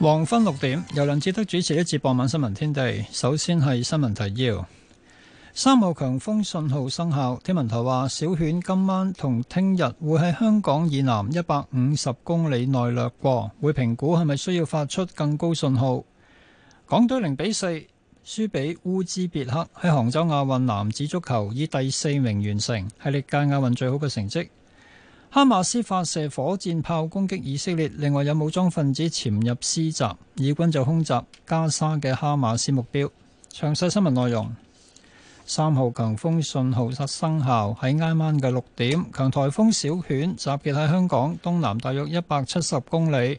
黃昏六點，由梁志德主持一節傍晚新聞天地。首先係新聞提要：三號強風信號生效。天文台話，小犬今晚同聽日會喺香港以南一百五十公里內掠過，會評估係咪需要發出更高信號。港隊零比四輸俾烏茲別克，喺杭州亞運男子足球以第四名完成，係歷屆亞運最好嘅成績。哈馬斯發射火箭炮攻擊以色列，另外有武裝分子潛入施襲，以軍就空襲加沙嘅哈馬斯目標。詳細新聞內容。三號強風信號實生效喺挨晚嘅六點，強颱風小犬集結喺香港東南大約一百七十公里。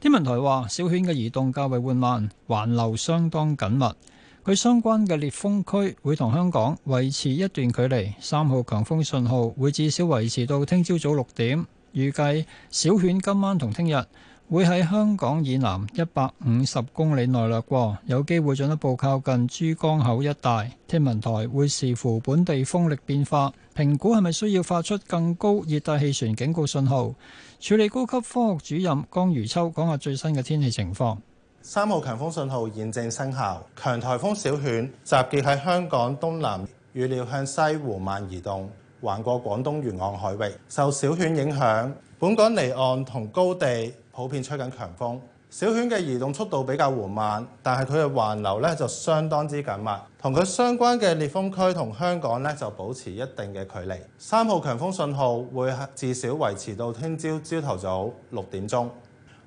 天文台話，小犬嘅移動較為緩慢，環流相當緊密。佢相關嘅烈風區會同香港維持一段距離，三號強風信號會至少維持到聽朝早六點。預計小犬今晚同聽日會喺香港以南一百五十公里內掠過，有機會進一步靠近珠江口一帶。天文台會視乎本地風力變化，評估係咪需要發出更高熱帶氣旋警告信號。處理高級科學主任江如秋講下最新嘅天氣情況。三號強風信號現正生效，強颱風小犬集結喺香港東南，預料向西緩慢移動，橫過廣東沿岸海域。受小犬影響，本港離岸同高地普遍吹緊強風。小犬嘅移動速度比較緩慢，但係佢嘅環流咧就相當之緊密，同佢相關嘅烈風區同香港咧就保持一定嘅距離。三號強風信號會至少維持到聽朝朝頭早六點鐘。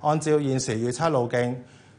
按照現時預測路徑，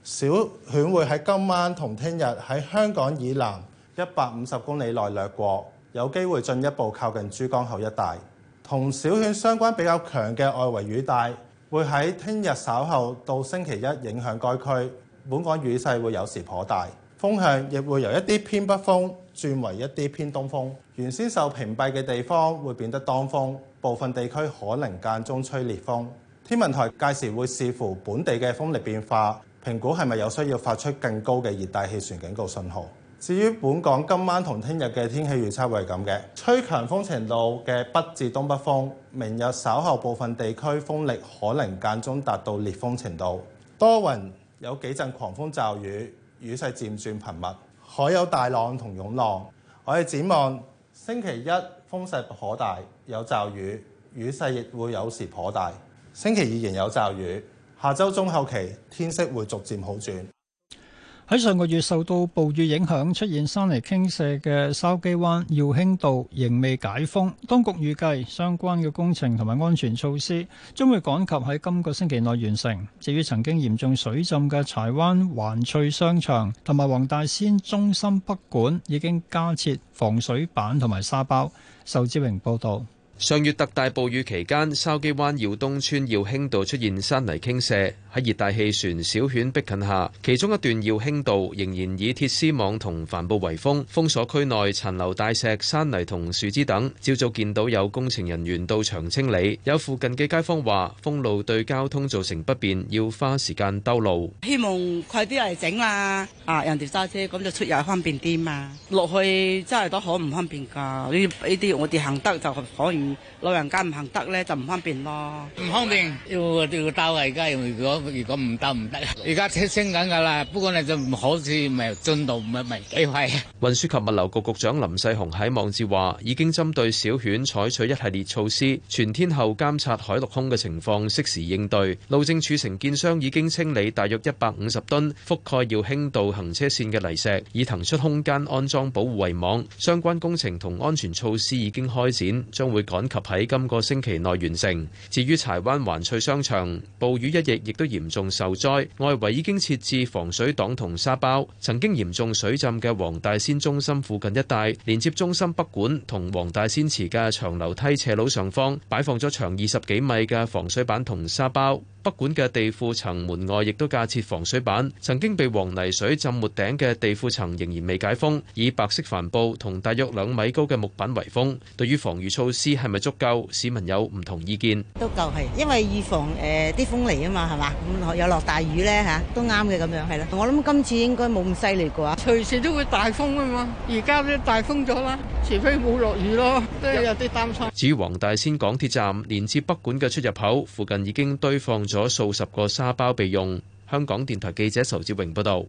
小犬會喺今晚同聽日喺香港以南一百五十公里內掠過，有機會進一步靠近珠江口一帶。同小犬相關比較強嘅外圍雨帶會喺聽日稍後到星期一影響該區。本港雨勢會有時頗大，風向亦會由一啲偏北風轉為一啲偏東風。原先受屏蔽嘅地方會變得當風，部分地區可能間中吹烈風。天文台屆時會視乎本地嘅風力變化。評估係咪有需要發出更高嘅熱帶氣旋警告信號。至於本港今晚同聽日嘅天氣預測會係咁嘅，吹強風程度嘅北至東北風。明日稍後部分地區風力可能間中達到烈風程度，多雲有幾陣狂風驟雨，雨勢漸轉頻密，海有大浪同湧浪。我哋展望星期一風勢頗大，有驟雨，雨勢亦會有時頗大。星期二仍有驟雨。下周中後期天色會逐漸好轉。喺上個月受到暴雨影響出現山泥傾瀉嘅筲箕灣耀興道仍未解封，當局預計相關嘅工程同埋安全措施將會趕及喺今個星期內完成。至於曾經嚴重水浸嘅柴灣環翠商場同埋黃大仙中心北館已經加設防水板同埋沙包。仇志榮報道。上月特大暴雨期間，筲箕灣耀東村耀興道出現山泥傾瀉。喺熱帶氣旋小犬逼近下，其中一段耀興道仍然以鐵絲網同帆布圍封，封鎖區內殘留大石、山泥同樹枝等。朝早見到有工程人員到場清理。有附近嘅街坊話：封路對交通造成不便，要花時間兜路。希望快啲嚟整啦！啊，人哋揸車咁就出入方便啲嘛。落去真係都好唔方便㗎。呢呢啲我哋行得就可以，老人家唔行得咧就唔方便咯。唔方便。要我哋兜嚟㗎，如果如果唔得唔得，而家車清緊㗎啦。不過你就唔好似咪進度咪咪幾快。運輸及物流局局長林世雄喺網誌話：已經針對小犬採取一系列措施，全天候監察海陸空嘅情況，適時應對。路政署承建商已經清理大約一百五十噸覆蓋要輕度行車線嘅泥石，以騰出空間安裝保護圍網。相關工程同安全措施已經開展，將會趕及喺今個星期內完成。至於柴灣環翠商場，暴雨一役亦都。嚴重受災，外圍已經設置防水擋同沙包。曾經嚴重水浸嘅黃大仙中心附近一帶，連接中心北館同黃大仙祠嘅長樓梯斜路上方，擺放咗長二十幾米嘅防水板同沙包。北館嘅地庫層門外亦都架設防水板。曾經被黃泥水浸沒頂嘅地庫層仍然未解封，以白色帆布同大約兩米高嘅木板圍封。對於防禦措施係咪足夠，市民有唔同意見。都夠係，因為預防誒啲，呃、風嚟啊嘛，係嘛？有落大雨咧嚇，都啱嘅咁樣，係啦。我諗今次應該冇咁犀利過，隨時都會大風啊嘛。而家都大風咗啦，除非冇落雨咯，都有啲擔心。至於黃大仙港鐵站連接北館嘅出入口附近已經堆放咗數十個沙包備用。香港電台記者仇志榮報道。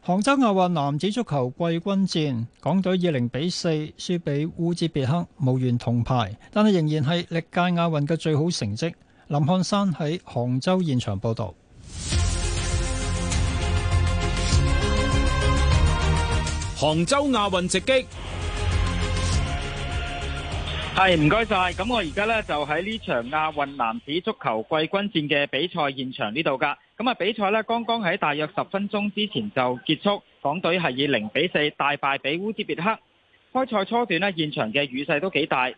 杭州亞運男子足球季軍戰，港隊以零比四輸俾烏茲別克，無緣銅牌，但係仍然係歷屆亞運嘅最好成績。林漢山喺杭州現場報道。杭州亞運直擊，係唔該晒。咁我而家呢，就喺呢場亞運男子足球季軍戰嘅比賽現場呢度噶。咁啊，比賽呢，剛剛喺大約十分鐘之前就結束，港隊係以零比四大敗俾烏茲別克。開賽初段呢，現場嘅雨勢都幾大。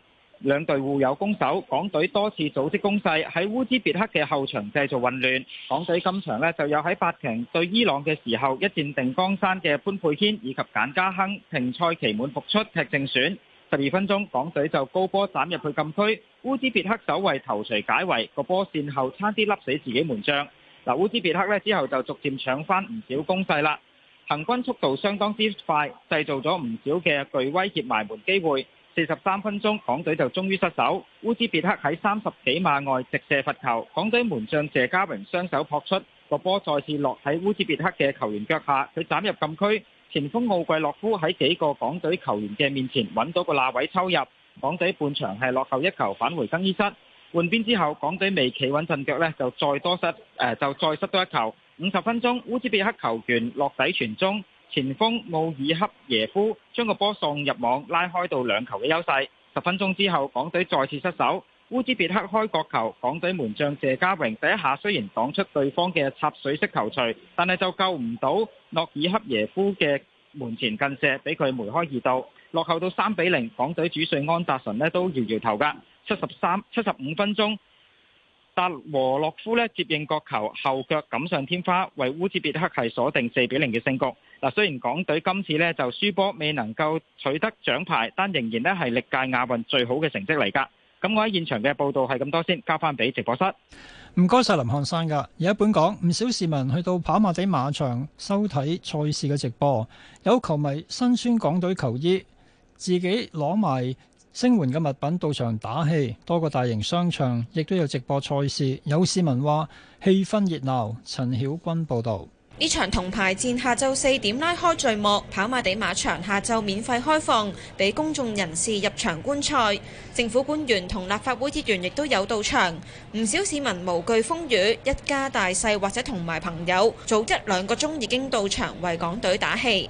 兩隊互有攻守，港隊多次組織攻勢，喺烏茲別克嘅後場製造混亂。港隊今場咧就有喺八強對伊朗嘅時候一戰定江山嘅潘佩軒以及簡家亨停賽期滿復出踢正選。十二分鐘，港隊就高波斬入去禁區，烏茲別克首位頭槌解圍，個波線後差啲笠死自己門將。嗱，烏茲別克咧之後就逐漸搶翻唔少攻勢啦，行軍速度相當之快，製造咗唔少嘅具威脅埋門機會。四十三分鐘，港隊就終於失手。烏茲別克喺三十幾碼外直射罰球，港隊門將謝家榮雙手撲出，個波再次落喺烏茲別克嘅球員腳下，佢斬入禁區。前鋒奧季洛夫喺幾個港隊球員嘅面前搵到個那位抽入。港隊半場係落後一球，返回更衣室換邊之後，港隊未企穩陣腳呢，就再多失，誒、呃、就再失多一球。五十分鐘，烏茲別克球員落底傳中。前鋒奧爾恰耶夫將個波送入網，拉開到兩球嘅優勢。十分鐘之後，港隊再次失守。烏茲別克開角球，港隊門將謝家榮第一下雖然擋出對方嘅插水式球錘，但係就救唔到諾爾克耶夫嘅門前近射，俾佢梅開二度，落後到三比零。港隊主帥安達臣咧都搖搖頭噶。七十三、七十五分鐘。達和洛夫咧接應角球後腳錦上添花，為烏茲別克係鎖定四比零嘅勝局。嗱，雖然港隊今次咧就輸波，未能夠取得獎牌，但仍然咧係歷屆亞運最好嘅成績嚟噶。咁我喺現場嘅報道係咁多先，交翻俾直播室。唔該晒林漢山噶。而喺本港，唔少市民去到跑馬地馬場收睇賽事嘅直播，有球迷身穿港隊球衣，自己攞埋聲援嘅物品到場打氣，多個大型商場亦都有直播賽事。有市民話氣氛熱鬧。陳曉君報導。呢場銅牌戰下晝四點拉開序幕，跑馬地馬場下晝免費開放俾公眾人士入場觀賽。政府官員同立法會議員亦都有到場，唔少市民無懼風雨，一家大細或者同埋朋友早一兩個鐘已經到場為港隊打氣。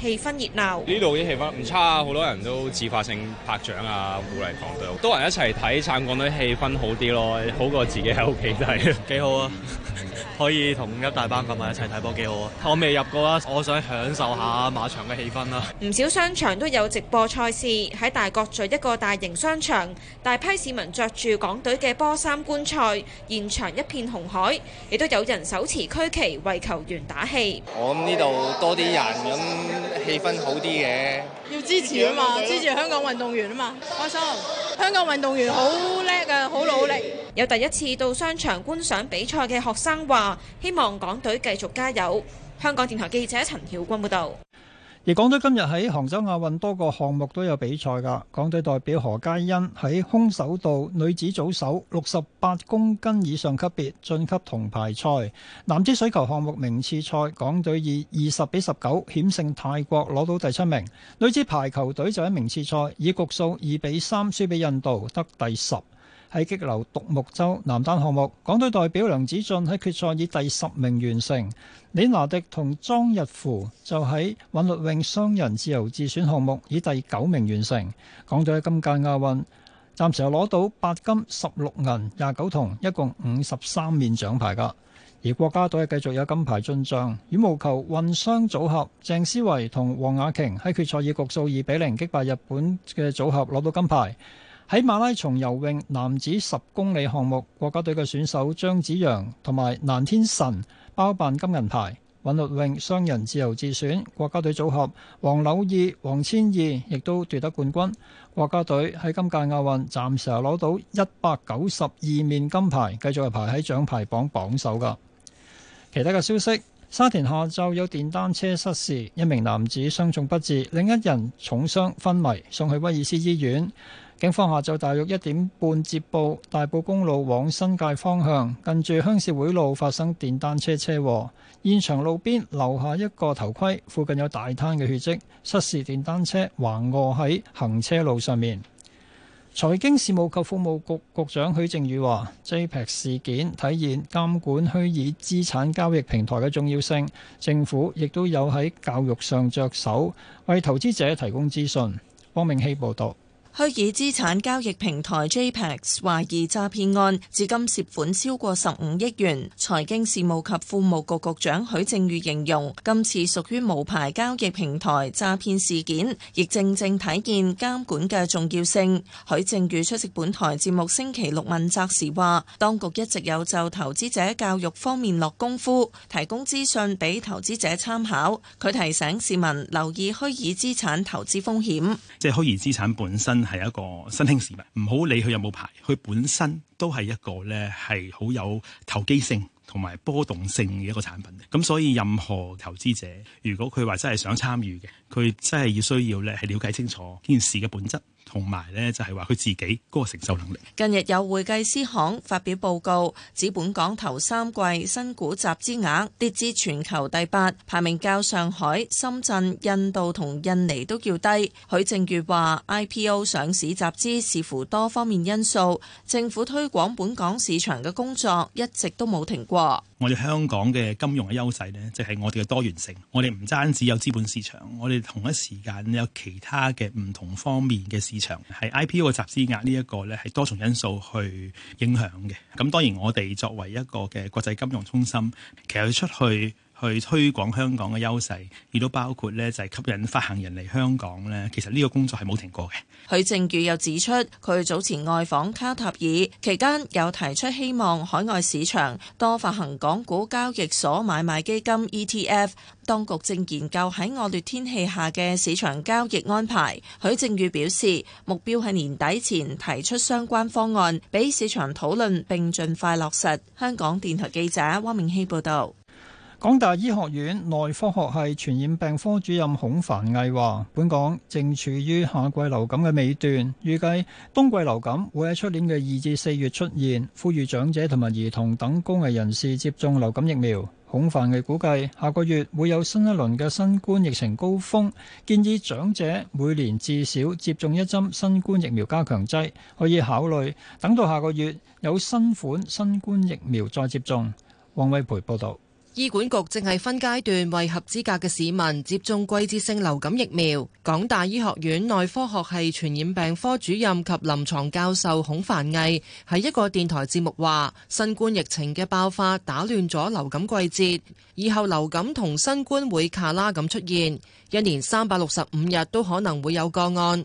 氣氛熱鬧，呢度啲氣氛唔差，好多人都自發性拍掌啊，鼓勵港隊，多人一齊睇撐港隊，氣氛好啲咯，好過自己喺屋企睇。 幾好啊！ 可以同一大班球迷一齊睇波，幾好啊！我未入過啊，我想享受下馬場嘅氣氛啊。唔少商場都有直播賽事，喺大角咀一個大型商場，大批市民着住港隊嘅波衫觀賽，現場一片紅海，亦都有人手持區旗為球員打氣。我諗呢度多啲人，咁氣氛好啲嘅。要支持啊嘛，支持香港運動員啊嘛，開心！香港運動員好叻。好努力有第一次到商場觀賞比賽嘅學生話：希望港隊繼續加油。香港電台記者陳曉君報導。而港隊今日喺杭州亞運多個項目都有比賽㗎。港隊代表何嘉欣喺空手道女子組手六十八公斤以上級別晉級銅牌賽。男子水球項目名次賽，港隊以二十比十九險勝泰國，攞到第七名。女子排球隊就喺名次賽以局數二比三輸俾印度，得第十。喺激流獨木舟男單項目，港隊代表梁子俊喺決賽以第十名完成；李娜迪同莊日符就喺韻律泳雙人自由自選項目以第九名完成。港隊喺今屆亞運暫時又攞到八金、十六銀、廿九銅，一共五十三面獎牌㗎。而國家隊係繼續有金牌進帳，羽毛球混雙組合鄭思維同黃雅瓊喺決賽以局數二比零擊敗日本嘅組合，攞到金牌。喺馬拉松游泳男子十公里項目，國家隊嘅選手張子陽同埋南天神包辦金銀牌。韻律泳雙人自由自選，國家隊組合王柳懿、王芊懿亦都奪得冠軍。國家隊喺今屆亞運暫時攞到一百九十二面金牌，繼續係排喺獎牌榜榜、榜首噶。其他嘅消息，沙田下晝有電單車失事，一名男子傷重不治，另一人重傷昏迷，送去威爾斯醫院。警方下晝大約一點半接報，大埔公路往新界方向近住鄉事會路發生電單車車禍，現場路邊留下一個頭盔，附近有大灘嘅血跡。失事電單車橫卧喺行車路上面。財經事務及庫務局局長許正宇話：JPEX 事件體現監管虛擬資產交易平台嘅重要性，政府亦都有喺教育上着手為投資者提供資訊。汪明希報導。虛擬資產交易平台 JPEX 懷疑詐騙案，至今涉款超過十五億元。財經事務及庫務局局長許正宇形容，今次屬於無牌交易平台詐騙事件，亦正正體現監管嘅重要性。許正宇出席本台節目星期六問責時話，當局一直有就投資者教育方面落功夫，提供資訊俾投資者參考。佢提醒市民留意虛擬資產投資風險，即係虛擬資產本身，係一個新興事物，唔好理佢有冇牌，佢本身都係一個呢，係好有投機性同埋波動性嘅一個產品，咁所以，任何投資者，如果佢話真係想參與嘅，佢真係要需要呢，係了解清楚件事嘅本質。同埋咧，就係話佢自己嗰個承受能力。近日有會計師行發表報告，指本港頭三季新股集資額跌至全球第八，排名較上海、深圳、印度同印尼都叫低。許正月話 IPO 上市集資視乎多方面因素，政府推廣本港市場嘅工作一直都冇停過。我哋香港嘅金融嘅優勢呢，就係、是、我哋嘅多元性。我哋唔單止有資本市場，我哋同一時間有其他嘅唔同方面嘅市場，係 IPO 嘅集資額呢一個呢，係多重因素去影響嘅。咁當然我哋作為一個嘅國際金融中心，其實出去。去推廣香港嘅優勢，亦都包括呢就係吸引發行人嚟香港呢，其實呢個工作係冇停過嘅。許正宇又指出，佢早前外訪卡塔爾期間，有提出希望海外市場多發行港股交易所買賣基金 ETF。當局正研究喺惡劣天氣下嘅市場交易安排。許正宇表示，目標係年底前提出相關方案俾市場討論，並盡快落實。香港電台記者汪明希報導。港大醫學院內科學系傳染病科主任孔繁毅話，本港正處於夏季流感嘅尾段，預計冬季流感會喺出年嘅二至四月出現。呼籲長者同埋兒童等高危人士接種流感疫苗。孔繁毅估計下個月會有新一輪嘅新冠疫情高峰，建議長者每年至少接種一針新冠疫苗加強劑，可以考慮等到下個月有新款新冠疫苗再接種。王偉培報道。醫管局正係分階段為合資格嘅市民接種季節性流感疫苗。港大醫學院內科學系傳染病科主任及臨牀教授孔凡毅喺一個電台節目話，新冠疫情嘅爆發打亂咗流感季節，以後流感同新冠會卡拉咁出現，一年三百六十五日都可能會有個案。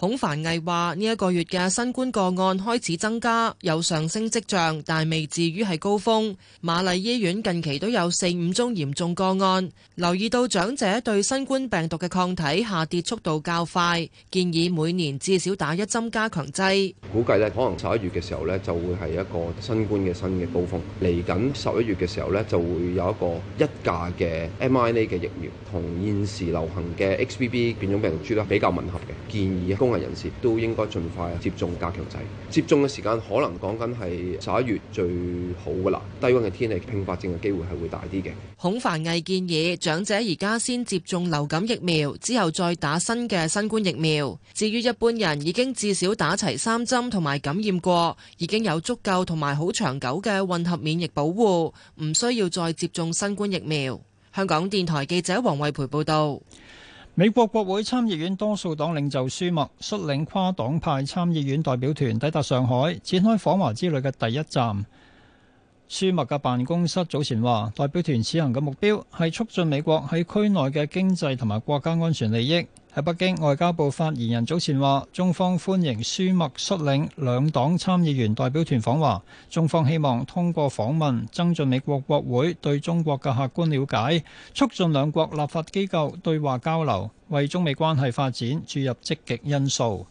孔繁毅話：呢一個月嘅新冠個案開始增加，有上升跡象，但係未至於係高峰。瑪麗醫院近期都有四五宗嚴重個案，留意到長者對新冠病毒嘅抗體下跌速度較快，建議每年至少打一針加強劑。估計咧，可能十一月嘅時候咧就會係一個新冠嘅新嘅高峰。嚟緊十一月嘅時候咧就會有一個一價嘅 mRNA 嘅疫苗同現時流行嘅 XBB 變種病毒株咧比較吻合嘅，建議公。高危人士都應該盡快接種加強劑。接種嘅時間可能講緊係十一月最好噶啦。低溫嘅天氣併發症嘅機會係會大啲嘅。孔繁毅建議長者而家先接種流感疫苗，之後再打新嘅新冠疫苗。至於一般人已經至少打齊三針同埋感染過，已經有足夠同埋好長久嘅混合免疫保護，唔需要再接種新冠疫苗。香港電台記者黃惠培報道。美國國會參議院多數黨領袖舒默率領跨黨派參議院代表團抵達上海，展開訪華之旅嘅第一站。舒默嘅辦公室早前話，代表團此行嘅目標係促進美國喺區內嘅經濟同埋國家安全利益。喺北京，外交部發言人早前話，中方歡迎舒默率領兩黨參議員代表團訪華，中方希望通過訪問增進美國國會對中國嘅客觀了解，促進兩國立法機構對話交流，為中美關係發展注入積極因素。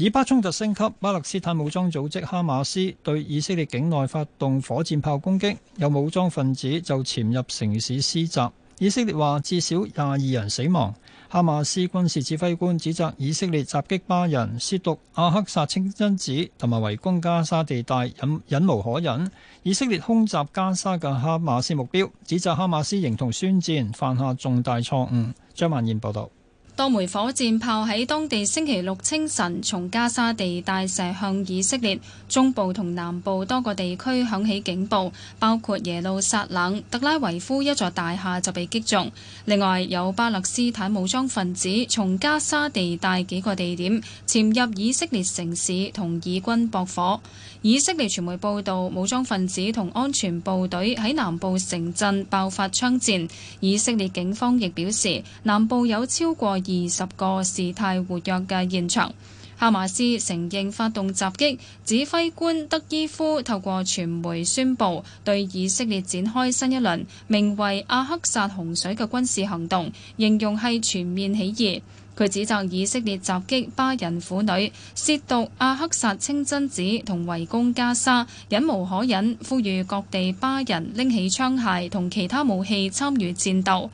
以巴衝突升級，巴勒斯坦武裝組織哈馬斯對以色列境內發動火箭炮攻擊，有武裝分子就潛入城市施襲。以色列話至少廿二人死亡。哈馬斯軍事指揮官指責以色列襲擊巴人、褻瀆阿克薩清真寺同埋圍攻加沙地帶，忍忍無可忍。以色列空襲加沙嘅哈馬斯目標，指責哈馬斯形同宣戰，犯下重大錯誤。張萬燕報導。多枚火箭炮喺當地星期六清晨從加沙地帶射向以色列中部同南部多個地區，響起警報，包括耶路撒冷、特拉維夫一座大廈就被擊中。另外有巴勒斯坦武裝分子從加沙地帶幾個地點潛入以色列城市同以軍駁火。以色列傳媒報道，武裝分子同安全部隊喺南部城鎮爆發槍戰，以色列警方亦表示南部有超過二十個事態活躍嘅現場，哈馬斯承認發動襲擊，指揮官德伊夫透過傳媒宣布對以色列展開新一輪，名為阿克薩洪水嘅軍事行動，形容係全面起義。佢指責以色列襲擊巴人婦女、褻瀆阿克薩清真寺同圍攻加沙，忍無可忍，呼籲各地巴人拎起槍械同其他武器參與戰鬥。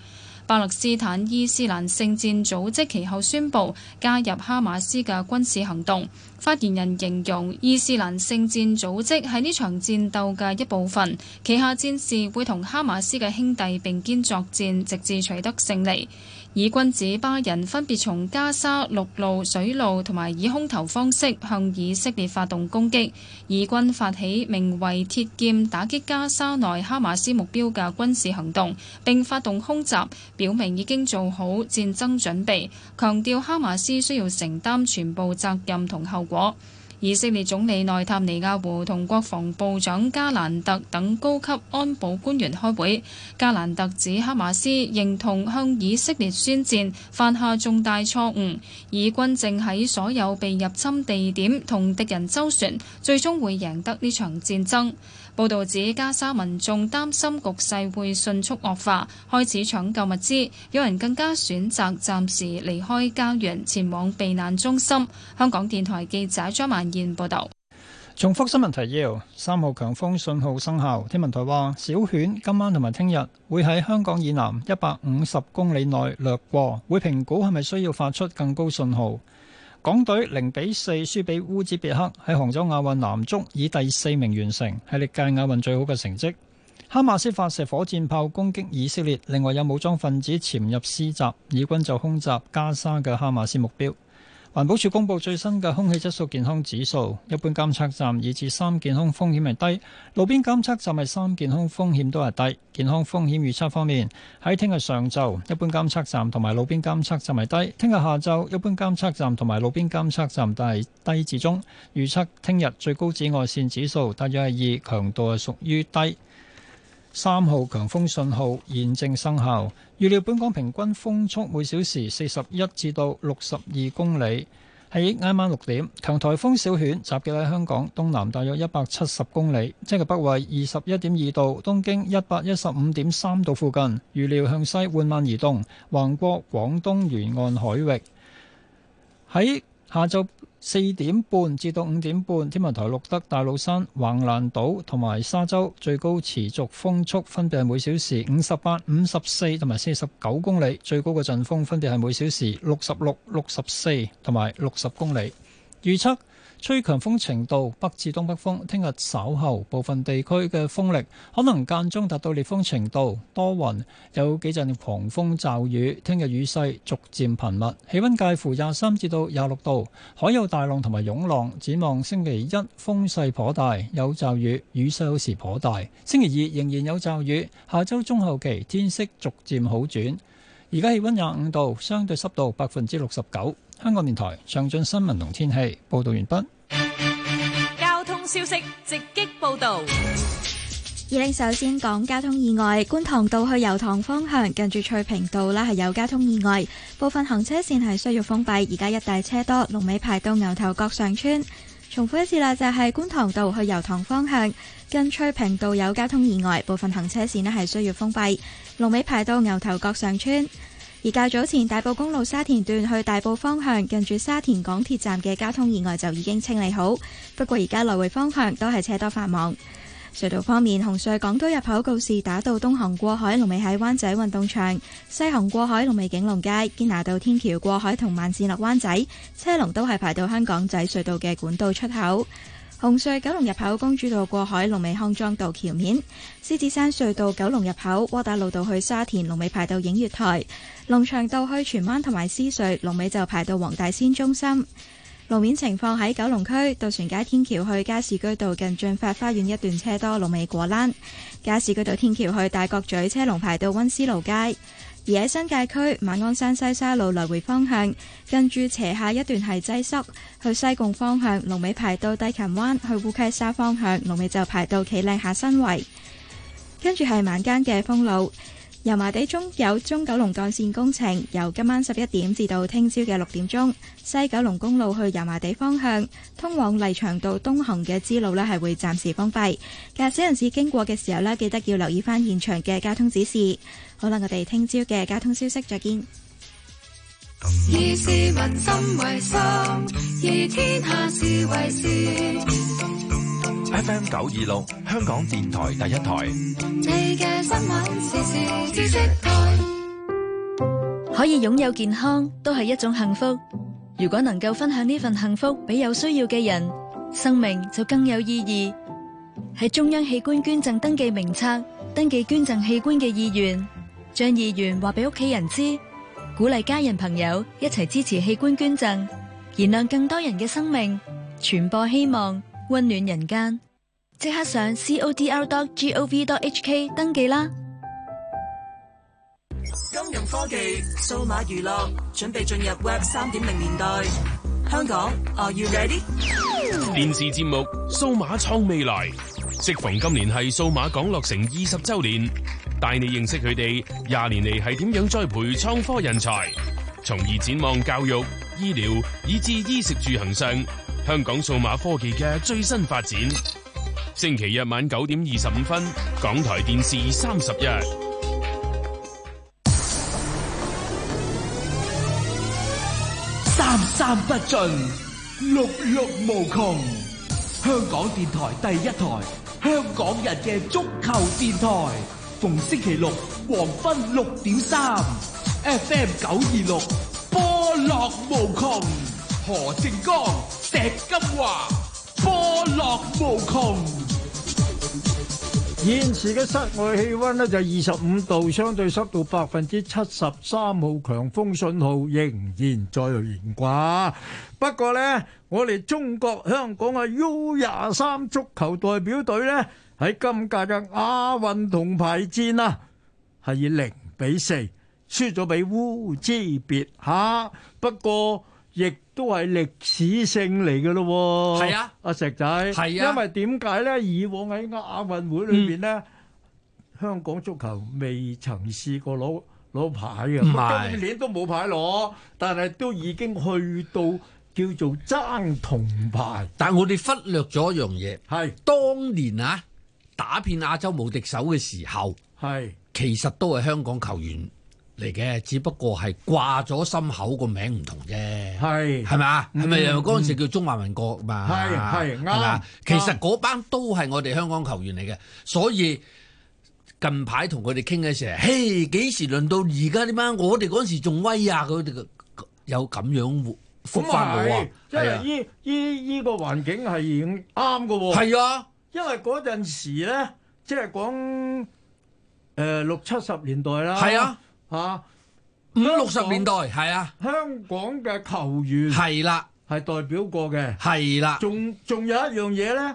巴勒斯坦伊斯蘭聖戰組織其後宣布加入哈馬斯嘅軍事行動。發言人形容伊斯蘭聖戰組織係呢場戰鬥嘅一部分，旗下戰士會同哈馬斯嘅兄弟並肩作戰，直至取得勝利。以軍指巴人分別從加沙陸路、水路同埋以空投方式向以色列發動攻擊。以軍發起名為「鐵劍」打擊加沙內哈馬斯目標嘅軍事行動，並發動空襲，表明已經做好戰爭準備，強調哈馬斯需要承擔全部責任同後果。以色列總理內塔尼亞胡同國防部長加蘭特等高級安保官員開會。加蘭特指哈馬斯認同向以色列宣戰，犯下重大錯誤。以軍正喺所有被入侵地點同敵人周旋，最終會贏得呢場戰爭。報導指加沙民眾擔心局勢會迅速惡化，開始搶救物資，有人更加選擇暫時離開家園，前往避難中心。香港電台記者張曼。見報道。重複新聞提要：三號強風信號生效。天文台話，小犬今晚同埋聽日會喺香港以南一百五十公里內掠過，會評估係咪需要發出更高信號。港隊零比四輸俾烏茲別克，喺杭州亞運男足以第四名完成，係歷屆亞運最好嘅成績。哈馬斯發射火箭炮攻擊以色列，另外有武裝分子潛入施襲，以軍就空襲加沙嘅哈馬斯目標。環保署公布最新嘅空氣質素健康指數，一般監測站以至三健康風險係低，路邊監測站係三健康風險都係低。健康風險預測方面，喺聽日上晝，一般監測站同埋路邊監測站係低，聽日下晝，一般監測站同埋路邊監測站都係低至中。預測聽日最高紫外線指數大約係二，強度係屬於低。三號強風信號現正生效，預料本港平均風速每小時四十一至到六十二公里。喺挨晚六點，強颱風小犬集結喺香港東南大約一百七十公里，即係北緯二十一點二度，東經一百一十五點三度附近。預料向西緩慢移動，橫過廣東沿岸海域。喺下晝。四點半至到五點半，天文台錄得大老山、橫瀾島同埋沙洲最高持續風速分別係每小時五十八、五十四同埋四十九公里，最高嘅陣風分別係每小時六十六、六十四同埋六十公里。預測，吹強風程度北至東北風，聽日稍後部分地區嘅風力可能間中達到烈風程度。多雲，有幾陣狂風驟雨。聽日雨勢逐漸頻密，氣溫介乎廿三至到廿六度。海有大浪同埋湧浪，展望星期一風勢頗大，有驟雨，雨勢有時頗大。星期二仍然有驟雨。下周中後期天色逐漸好轉。而家氣溫廿五度，相對濕度百分之六十九。香港電台詳盡新聞同天氣報道完畢。交通消息直擊報道。而你首先講交通意外，觀塘道去油塘方向，近住翠屏道呢係有交通意外，部分行車線係需要封閉。而家一大車多，龍尾排到牛頭角上村。重複一次啦，就係觀塘道去油塘方向，近翠屏道有交通意外，部分行車線呢係需要封閉，龍尾排到牛頭角上村。而較早前大埔公路沙田段去大埔方向，近住沙田港鐵站嘅交通意外就已經清理好。不過而家來回方向都係車多繁忙。隧道方面，紅隧港島入口告士打道東行過海龍尾喺灣仔運動場，西行過海龍尾，景隆街堅拿道天橋過海同慢線落灣仔，車龍都係排到香港仔隧道嘅管道出口。紅隧九龍入口公主道過海龍尾康莊道橋面，獅子山隧道九龍入口窩打老道去沙田龍尾排到映月台，龍翔道去荃灣同埋獅隧，龍尾就排到黃大仙中心。路面情況喺九龍區渡船街天橋去加士居道近駿發花園一段車多，龍尾果欄。加士居道天橋去大角咀車龍排到溫思勞街。而喺新界區馬鞍山西沙路來回方向，跟住斜下一段係擠塞；去西貢方向，龍尾排到低琴灣；去烏溪沙方向，龍尾就排到企嶺下新圍。跟住係晚間嘅封路。油麻地中有中九龍幹線工程，由今晚十一點至到聽朝嘅六點鐘，西九龍公路去油麻地方向通往麗翔道東行嘅支路呢係，會暫時封閉。駕駛人士經過嘅時候呢，記得要留意翻現場嘅交通指示。好啦，我哋聽朝嘅交通消息，再見。以市民心為心，以天下事為先。FM 九二六，香港電台第一台。可以擁有健康，都係一種幸福。如果能夠分享呢份幸福俾有需要嘅人，生命就更有意義。喺中央器官捐贈登記名冊，登記捐贈器官嘅意願，將意願話俾屋企人知，鼓勵家人朋友一齊支持器官捐贈，燃亮更多人嘅生命，傳播希望。溫暖人間，即刻上，上 c o d l dot g o v dot h k 登記啦！金融科技、數碼娛樂，準備進入 Web 三點零年代。香港，Are you ready？電視節目，數碼創未來。適逢今年係數碼港落成二十周年，帶你認識佢哋廿年嚟係點樣栽培創科人才，從而展望教育、醫療以至衣食住行上香港數碼科技嘅最新發展。星期日晚九點二十五分，港台電視三十日。三三不盡，六六無窮。香港電台第一台，香港人嘅足球電台。逢星期六黃昏六點三，FM 九二六波樂無窮。何正剛。石金華波落無窮，現時嘅室外氣温咧就二十五度，相對濕度百分之七十三，號強風信號仍然在懸掛。不過咧，我哋中國香港嘅 U 廿三足球代表隊咧喺今屆嘅亞運銅牌戰啦，係以零比四輸咗俾烏茲別克，不過亦。都係歷史性嚟㗎咯，係啊，阿、啊、石仔，係啊，因為點解咧？以往喺亞運會裏邊咧，嗯、香港足球未曾試過攞攞牌嘅，是今年都冇牌攞，但係都已經去到叫做爭銅牌。但係我哋忽略咗一樣嘢，係是當年啊打遍亞洲無敵手嘅時候，係是其實都係香港球員。嚟嘅，只不過係掛咗心口個名唔同啫，係係嘛，係咪嗰陣時叫中華民國嘛？係係啱。其實嗰班都係我哋香港球員嚟嘅，所以近排同佢哋傾嘅時候，嘿，幾時輪到而家點解我哋嗰陣時仲威啊！佢哋有咁樣復翻我啊！因為依依依個環境係啱嘅喎。係啊，因為嗰陣時咧，即係講誒六七十年代啦，係啊。吓、啊、五六十年代係啊，香港嘅球員係啦，係代表過嘅係啦，仲仲、啊、有一樣嘢咧。